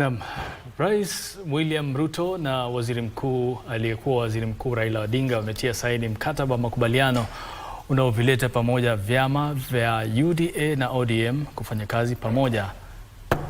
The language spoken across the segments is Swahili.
Naam, Rais William Ruto na waziri mkuu aliyekuwa waziri mkuu Raila Odinga wametia saini mkataba wa makubaliano unaovileta pamoja vyama vya UDA na ODM kufanya kazi pamoja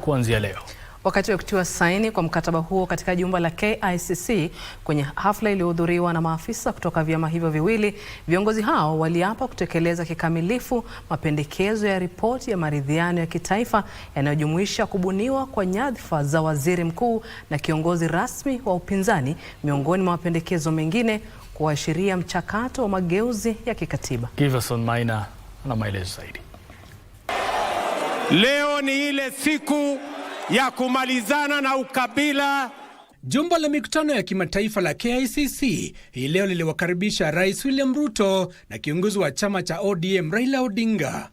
kuanzia leo. Wakati wa kutiwa saini kwa mkataba huo katika jumba la KICC kwenye hafla iliyohudhuriwa na maafisa kutoka vyama hivyo viwili, viongozi hao waliapa kutekeleza kikamilifu mapendekezo ya ripoti ya maridhiano ya kitaifa yanayojumuisha kubuniwa kwa nyadhifa za waziri mkuu na kiongozi rasmi wa upinzani, miongoni mwa mapendekezo mengine, kuashiria mchakato wa mageuzi ya kikatiba. Giverson Maina ana maelezo zaidi. Leo ni ile siku ya kumalizana na ukabila. Jumba la mikutano ya kimataifa la KICC hii leo liliwakaribisha Rais William Ruto na kiongozi wa chama cha ODM Raila Odinga,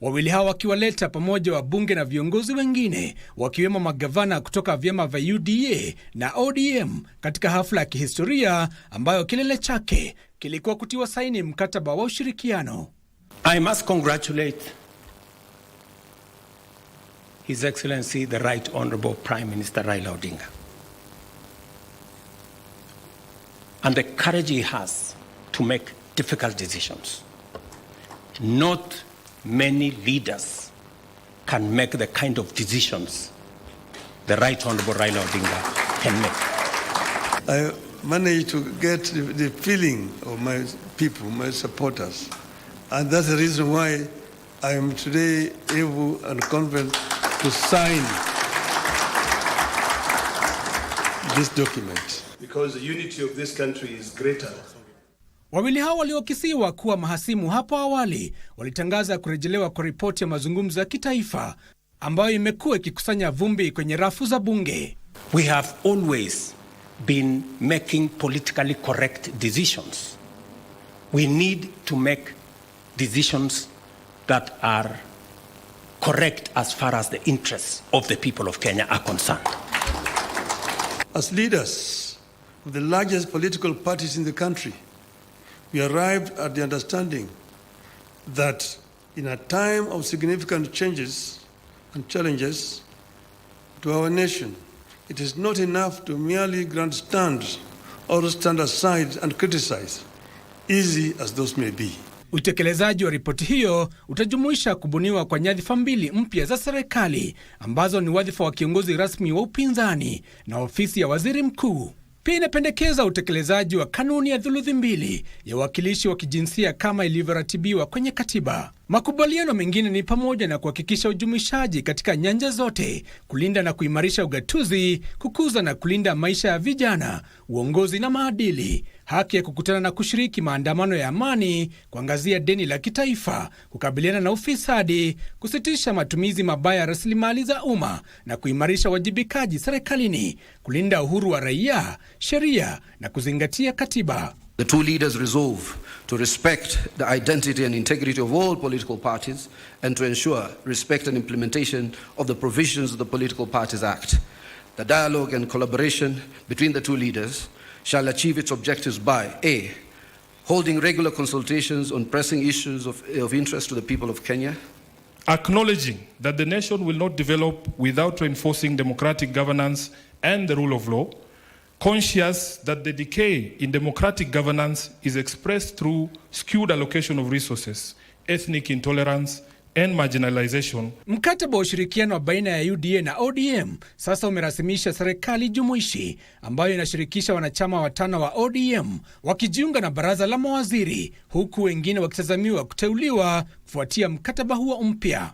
wawili hao wakiwaleta pamoja wabunge na viongozi wengine wakiwemo magavana kutoka vyama vya UDA na ODM katika hafla ya kihistoria ambayo kilele chake kilikuwa kutiwa saini mkataba wa ushirikiano. I must congratulate His Excellency, the Right Honorable Prime Minister Raila Odinga. And the courage he has to make difficult decisions. Not many leaders can make the kind of decisions the Right Honorable Raila Odinga can make. I managed to get the feeling of my people, my supporters, and that's the reason why I am today able and confident to sign this document. Because the unity of this country is greater. Wawili hao waliokisiwa kuwa mahasimu hapo awali walitangaza kurejelewa kwa ripoti ya mazungumzo ya kitaifa ambayo imekuwa ikikusanya vumbi kwenye rafu za bunge. We have always been making politically correct decisions. We need to make decisions that are correct as far as the interests of the people of Kenya are concerned. As leaders of the largest political parties in the country, we arrived at the understanding that in a time of significant changes and challenges to our nation, it is not enough to merely grandstand or stand aside and criticize, easy as those may be. Utekelezaji wa ripoti hiyo utajumuisha kubuniwa kwa nyadhifa mbili mpya za serikali ambazo ni wadhifa wa kiongozi rasmi wa upinzani na ofisi ya waziri mkuu. Pia inapendekeza utekelezaji wa kanuni ya thuluthi mbili ya uwakilishi wa kijinsia kama ilivyoratibiwa kwenye katiba. Makubaliano mengine ni pamoja na kuhakikisha ujumuishaji katika nyanja zote, kulinda na kuimarisha ugatuzi, kukuza na kulinda maisha ya vijana, uongozi na maadili, haki ya kukutana na kushiriki maandamano ya amani, kuangazia deni la kitaifa, kukabiliana na ufisadi, kusitisha matumizi mabaya ya rasilimali za umma na kuimarisha uwajibikaji serikalini, kulinda uhuru wa raia, sheria na kuzingatia katiba. The two leaders resolve to respect the identity and integrity of all political parties and to ensure respect and implementation of the provisions of the Political Parties Act. The dialogue and collaboration between the two leaders shall achieve its objectives by A. Holding regular consultations on pressing issues of, of interest to the people of Kenya. Acknowledging that the nation will not develop without reinforcing democratic governance and the rule of law conscious that the decay in democratic governance is expressed through skewed allocation of resources, ethnic intolerance, and marginalization. Mkataba wa ushirikiano baina ya UDA na ODM sasa umerasimisha serikali jumuishi ambayo inashirikisha wanachama watano wa ODM wakijiunga na baraza la mawaziri huku wengine wakitazamiwa kuteuliwa kufuatia mkataba huo mpya.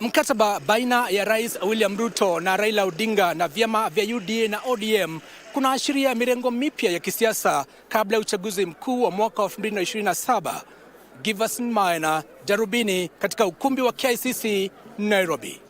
Mkataba baina ya Rais William Ruto na Raila Odinga na vyama vya UDA na ODM kunaashiria mirengo mipya ya kisiasa kabla ya uchaguzi mkuu wa mwaka 2027. Giverson Maina, Darubini katika ukumbi wa KICC Nairobi.